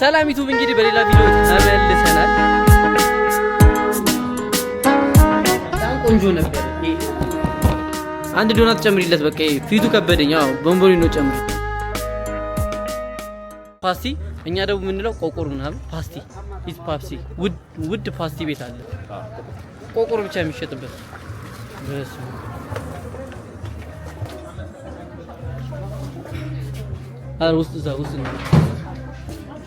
ሰላም ዩቱብ እንግዲህ በሌላ ቪዲዮ ተመልሰናል። ቆንጆ ነበር። አንድ ዶናት ጨምሪለት። በቃ ፊቱ ከበደኝ። አዎ ነው ጨምሪ። ፓስቲ እኛ ደግሞ የምንለው ቆቆር ምናምን ፓስቲ ኢት ፓፕሲ ውድ ውድ ፓስቲ ቤት አለ ቆቆር ብቻ የሚሸጥበት። ውስጥ እዛ ውስጥ ነው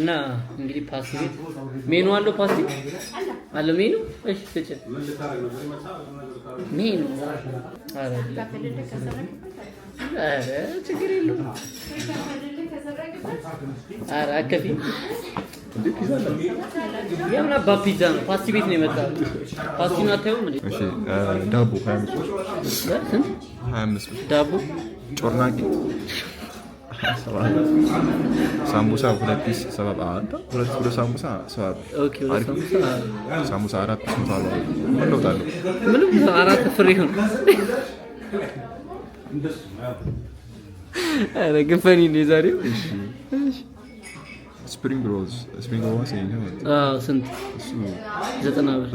እና እንግዲህ ፓስቲ ሜኑ አለው። ፓስቲ አለ ሜኑ። እሺ ስጭ ሜኑ። ኧረ ችግር የለውም። ኧረ አከፊ የምን አባ ፒዛ ነው? ፓስቲ ቤት ነው የመጣው። ፓስቲ ነው አታዩም እሺ ዳቦ ሀያ አምስት ብር ዳቦ ጮርናቄ ሳምቡሳ ሁለት ፒስ ሰባ ሁለት ኪሎ ሳምቡሳ ሳምቡሳ አራት ፒስ ምሳ ምን ለውጥ አለው? ምንም አራት ፍሬ ነው። ኧረ ግን ፈኒ ነው የዛሬው። ስፕሪንግ ሮዝ ስፕሪንግ ሮዝ ስንት? ዘጠና ብር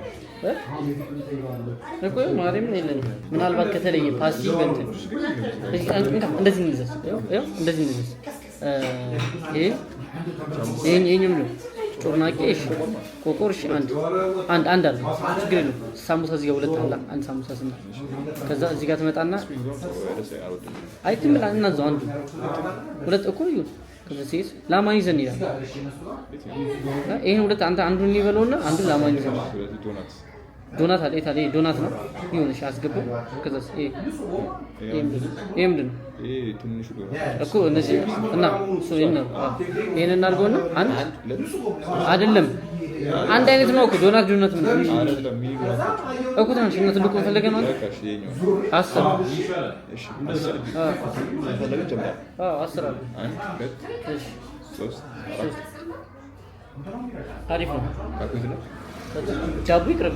እኮ ማርያም የለን ምናልባት ከተለየ ፓስቲ እንደዚህ እንደዚህ ነው ጮርናቄ እሺ፣ ቆቆር እሺ፣ አንድ አንድ አንድ አለ። ችግር ሳሙሳ እዚህ ሁለት አለ። አንድ ሳሙሳ ስና ከዛ እዚህ ጋር ትመጣና አይ ትምላ እና አንዱ ሁለት እኮ ይሁን። ከዛ ላማ ይዘን ይላል። ይሄን ሁለት አንተ አንዱን ይበለውና አንዱን ላማን ይዘን ዶናት አለ። ኢታሊ ዶናት ነው እሺ አስገቡ። ከዛ ይሄ ምንድን ነው እኮ እነዚህ እና ይሄን እናድርገውና አንድ አይደለም፣ አንድ አይነት ነው እኮ ዶናት ዶናት ምን እኮ ትናንሽ እና ትልቁ ፈለገ ማለት አስር አስር አሪፍ ነው። ቻቡ ይቅርብ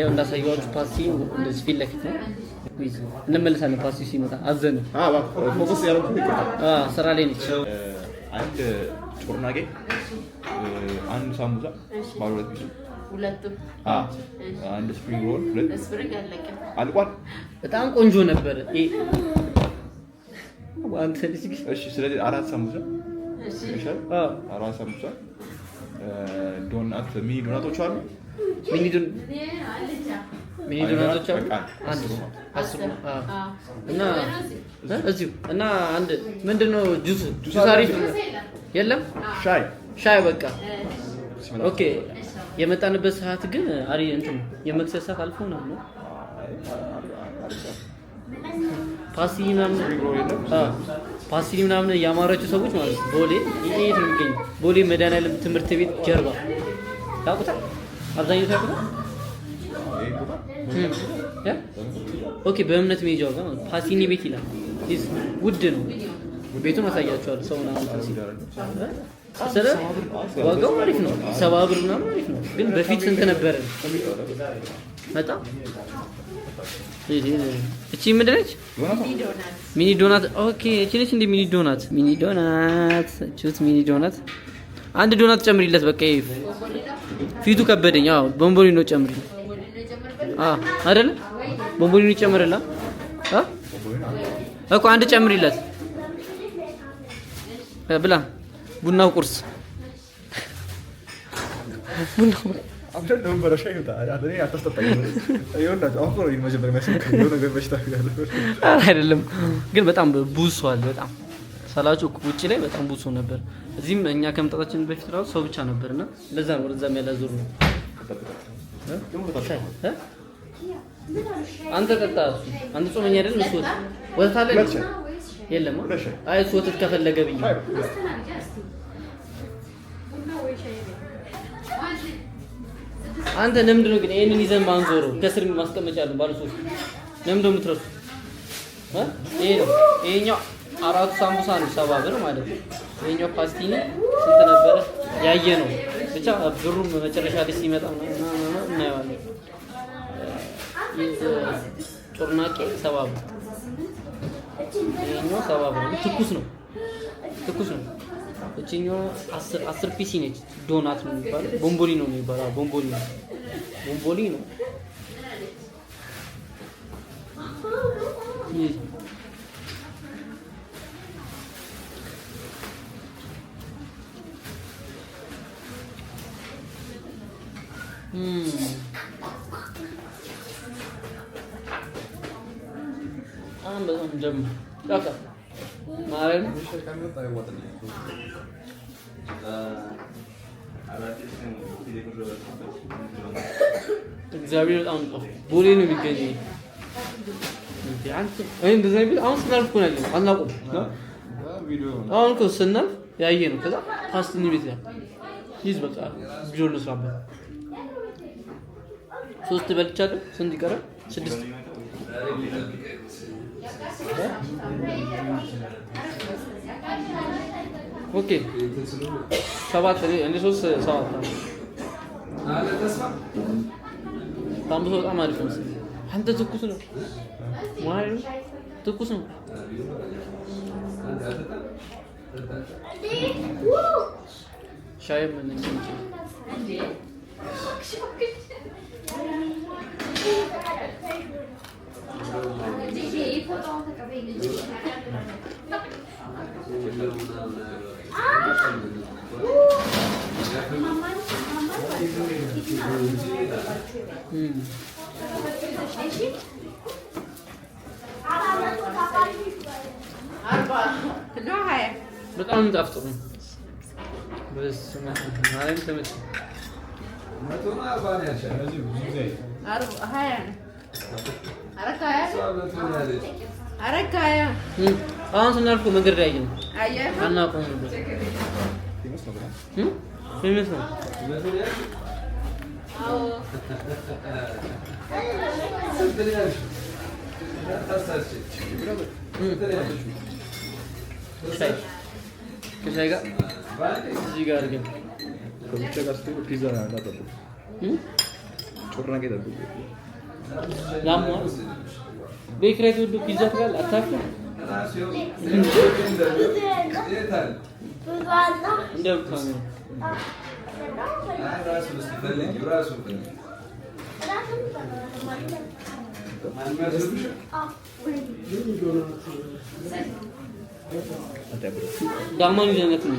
ያው እንዳሳየዋችሁ ፓስቲ እንደዚህ ፊት ለፊት ነው። እንመለሳለን። ፓስቲ ሲመጣ አዘነ ስራ ላይ ነች። አንድ ጮርናጌ፣ አንድ ሳሙዛ፣ አንድ ስፕሪንግ ሮል አልቋል። በጣም ቆንጆ ነበረ። ስለዚህ አራት ሳሙዛ አራት ሳሙዛ ዶናት ሚኒ ዶናቶች አሉ እና አንድ ምንድን ነው ጁስ ጁስ አሪፍ የለም። ሻይ ሻይ በቃ ኦኬ። የመጣንበት ሰዓት ግን አሪ እንትን የመክሰስ ሰዓት አልፎ ነው ነው ምናምን ያማራችሁ ሰዎች ማለት ቦሌ ይሄ ነው የሚገኘው? ቦሌ መድኃኒዓለም ትምህርት ቤት ጀርባ ታውቁታል። አብዛኛው ኦኬ በእምነት መሄጃው ጋር ፓሲኒ ቤት ይላል። ውድ ነው ቤቱን አሳያቸዋለሁ። ሰውን ዋጋው አሪፍ ነው፣ ሰባ ብር ምናምን አሪፍ ነው። ግን በፊት ስንት ነበረ? በጣም እቺ ምንድን ነች? ሚኒ ዶናት። ኦኬ እቺ ነች እንደ ሚኒ ዶናት። ሚኒ ዶናት ሚኒ ዶናት አንድ ዶናት ጨምሪለት። በቃ ፊቱ ከበደኝ። አዎ ቦምቦሊኖ ጨምሪ። አዎ አይደለ? ቦምቦሊኖ ጨምርላ እኮ አንድ ጨምሪለት። ብላ ቡናው ቁርስ ቡናው አይደለም ግን በጣም ብዙ ሰዋል በጣም ሳላችሁ ውጭ ላይ በጣም ብዙ ሰው ነበር። እዚህም እኛ ከመምጣታችን በፊት ራሱ ሰው ብቻ ነበርና ለዛ ነው ወደዛም ያላዞር ነው። አንተ ጠጣ፣ አንተ ጾመኛ አይደል? መስወት ወተት አለ የለም? አይ እሱ ወተት ከፈለገ ብዬ አንተ ለምንድን ነው ግን ይሄንን ይዘን ማንዞሩ? ከስር ማስቀመጫ አሉ ባሉ ሶስት ለምንድን ነው የምትረሱ? ይሄ ነው ይሄኛው አራቱ ሳምቡሳ ነው ሰባ ብር ማለት ነው። ይሄኛው ፓስቲኒ ስንት ነበረ? ያየ ነው ብቻ ብሩም መጨረሻ ላይ ሲመጣ እናየዋለን። ጮርናቄ ሰባ ብር፣ ይሄኛው ሰባ ብር ትኩስ ነው ትኩስ ነው። እችኛዋ አስር ፒሲ ነች። ዶናት ነው የሚባለው፣ ቦምቦሊ ነው የሚባለው። ቦምቦሊ ነው ቦምቦሊ ነው Hmm. Anladım canım. Bakalım. Maren. እግዚአብሔር በጣም ቡሬ ነው የሚገኘኝ። እኔ እንደዚህ የሚል አሁን ስናልፍ እኮ ነው ያለ አናውቅም። አሁን እኮ ስናልፍ ያየ ነው። ከዛ ፓስት ቤት ያ ይዝ በቃ ጆር ልስራበት ሶስት በልቻለሁ። ስንት ይቀራል? ስድስት ኦኬ፣ ሰባት እኔ ሶስት ሰባት ታምሶ በጣም አሪፍ ነው። አንተ ትኩስ ነው ማለት ትኩስ ነው። ሻይ ምን እንትን Nog een. Met andere achterom. Dus we gaan met. አሁን ስናልኩ መንገድ ላይ ነው አናውቅም ነበር ይመስላል። ከሻይ ጋር እዚህ ጋር አድርገን comincia Castello Pisa è andata pure. Hı? Torna che da dove? Lamma. Bekre durdu pizza kral atak. እንደው ካሜራ ዳማን ይዘነት ነው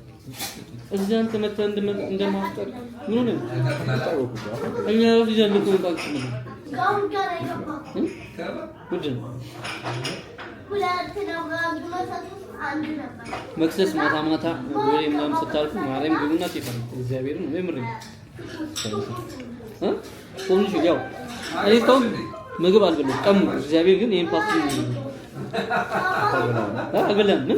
እዚያን ተመተ መተህ እንደማፍጠር ምን ነው እኛ ልጅ ያለ እኮ መክሰስ ማታ ማታ ወይ ምናምን ስታልፉ ማርያም ግቡና ይፈል እግዚአብሔርን ወይ ምሪ ሆንሽ ያው እኔ እስካሁን ምግብ አልበላሁም። ቀሙ እግዚአብሔር ግን ይሄን ፓስቲ አበላን ምን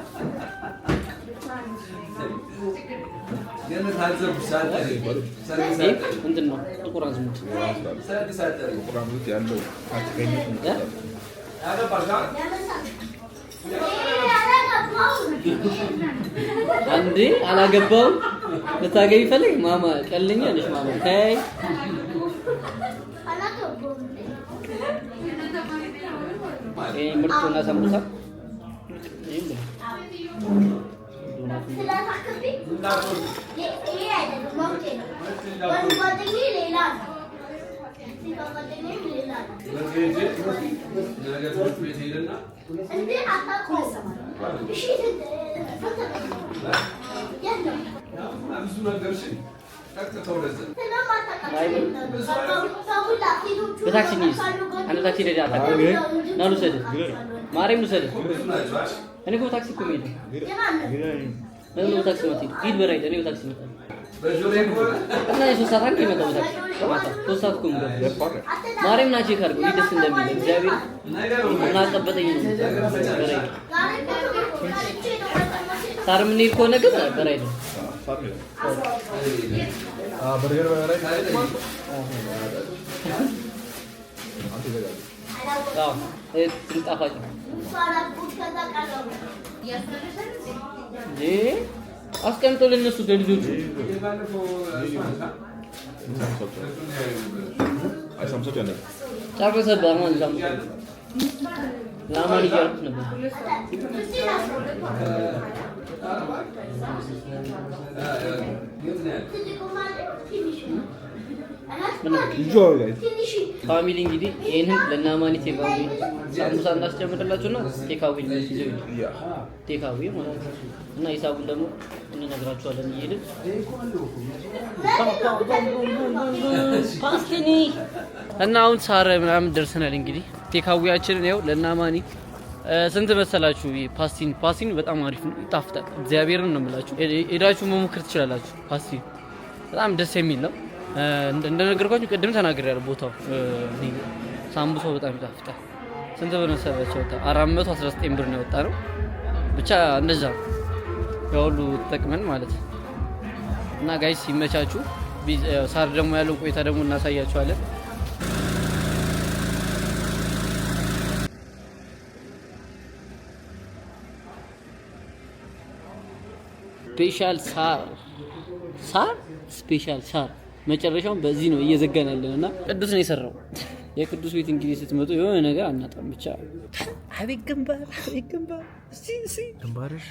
ምንድን ነው ጥቁር አዝሙድ አንዴ አላገባውም ልታገቢ ፈልግ ማማ ቀልኛ ነሽ ማማ ተይ ምርጥ ሆና ብዙ ነገሮችን ጠቅጥተው ለዘን በታክሲ እንሂድ። አንድ ታክሲ ልሄድ አጣ ነው ልውሰድህ፣ ማርያም ልውሰድህ እኔ እኮ ታክሲ እኮ ሄደ። ለምን ታክሲ መጣ? ሂድ በራይድ እኔ ታክሲ ማርያም ናቼ ካልከው ደስ እንደሚል እግዚአብሔር እና አቀበጠኝ ነው ሳር የምንሄድ ከሆነ ግን በራይድ ጣፋጭ 네. Asken tolen nasıl dönüyor? 아니 삼사지 않네. 짧아서 망한 람. 라마리 결합나 봐. 아, ልጇ ፋሚሊ እንግዲህ ይህንን ለእናማኒ ቴካዊ ሳምቡሳ እንዳስጨምርላችሁ እና ቴካዊ ይዘው ቴካዊ ማለት እና ሂሳቡን ደግሞ እንነግራችኋለን እየሄድን እና አሁን ሳረ ምናምን ደርሰናል። እንግዲህ ቴካዊያችንን ያው ለእናማኒ ስንት መሰላችሁ? ፓስቲን ፓስቲን በጣም አሪፍ ነው፣ ይጣፍጣል። እግዚአብሔርን ነው የምላችሁ፣ ሄዳችሁ መሞከር ትችላላችሁ። ፓስቲን በጣም ደስ የሚል ነው። እንደነገርኳችሁ ቅድም ተናግሬያለሁ። ቦታው ሳምቡሶ በጣም ይጣፍጣል። ስንት ብር መሰላችሁ ወጣ? 419 ብር ነው የወጣ ነው። ብቻ እንደዛ ያው ሁሉ ተጠቅመን ማለት ነው። እና ጋይስ ሲመቻችሁ ሳር ደግሞ ያለው ቆይታ ደግሞ እናሳያችኋለን። ስፔሻል ሳር ሳር ስፔሻል ሳር መጨረሻውን በዚህ ነው እየዘጋናለን እና ቅዱስ ነው የሰራው። የቅዱስ ቤት እንግዲህ ስትመጡ የሆነ ነገር አናጣም። ብቻ አቤት ግንባር፣ አቤት ግንባር፣ ግንባርሽ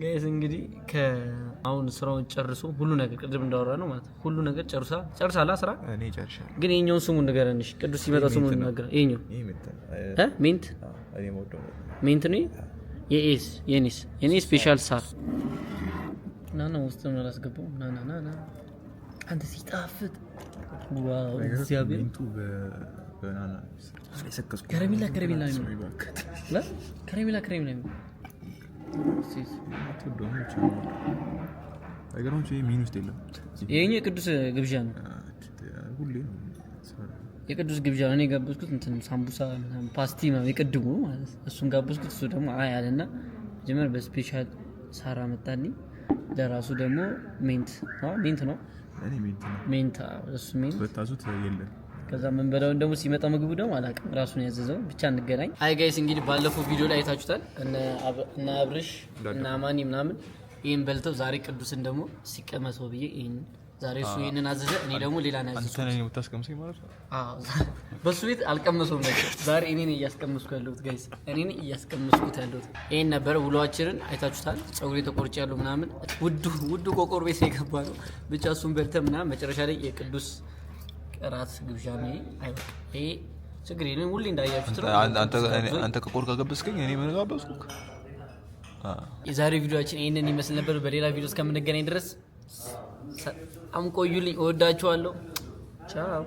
ጋይስ እንግዲህ ከአሁን ስራውን ጨርሶ ሁሉ ነገር ቅድም እንዳወራ ነው ማለት ሁሉ ነገር ጨርሳ ጨርሳላ ስራ እኔ ጨርሻለሁ። ግን የኛውን ስሙ ንገረንሽ። ቅዱስ ሲመጣ ስሙ እናገር። ይኛው ሜንት ሜንት ነው የኤስ የኔስ የኔ ስፔሻል ሳር ናና ውስጥ ነው ላስገባው ናናናና አንተ ሲጣፍጥ እግዚአብሔር ከረሜላ ከረሜላ ከረሜላ ከረሜላ ነገሮች ሚን ውስጥ የለም። ይሄኛው የቅዱስ ግብዣ ነው፣ የቅዱስ ግብዣ ነው። እኔ ጋበዝኩት እንትን ሳምቡሳ ፓስቲ የቅድሙ ማለት እሱን ጋበዝኩት። እሱ ደግሞ አይ አለና መጀመር በስፔሻል ሳራ መጣልኝ። ለራሱ ደግሞ ሜንት ሜንት ነው ሜንታ እሱ ከዛ ምን ደግሞ ሲመጣ ምግቡ ደግሞ አላውቅም፣ ራሱን ያዘዘው ብቻ እንገናኝ። አይ ጋይስ እንግዲህ ባለፈው ቪዲዮ ላይ አይታችሁታል፣ እና አብርሽ እና አማኒ ምናምን ይህን በልተው ዛሬ ቅዱስን ደግሞ ሲቀመሰው ብዬ ይህን ዛሬ እሱ ይህንን አዘዘ፣ እኔ ደግሞ ሌላ ማለት በእሱ ቤት አልቀመሰውም ነበር። ዛሬ እኔን እያስቀመስኩ ያለሁት ጋይስ፣ እኔን እያስቀመስኩት ያለሁት ይህን ነበረ። ውሏችንን አይታችሁታል። ጸጉሬ ተቆርጬ ያለው ምናምን ውዱ ውዱ ቆቆር ቤት የገባ ነው። ብቻ እሱን በልተ ምናምን መጨረሻ ላይ የቅዱስ እራት ግብዣ ነው። ይሄ ችግር የለም። ሁሌ እንዳያችሁት ነው። አንተ ከቆር ከገብስከኝ እኔ ምን ጋበዝኩህ? የዛሬ ቪዲዮችን ይህንን ይመስል ነበር። በሌላ ቪዲዮ እስከምንገናኝ ድረስ አሁን ቆዩልኝ። እወዳችኋለሁ። ቻው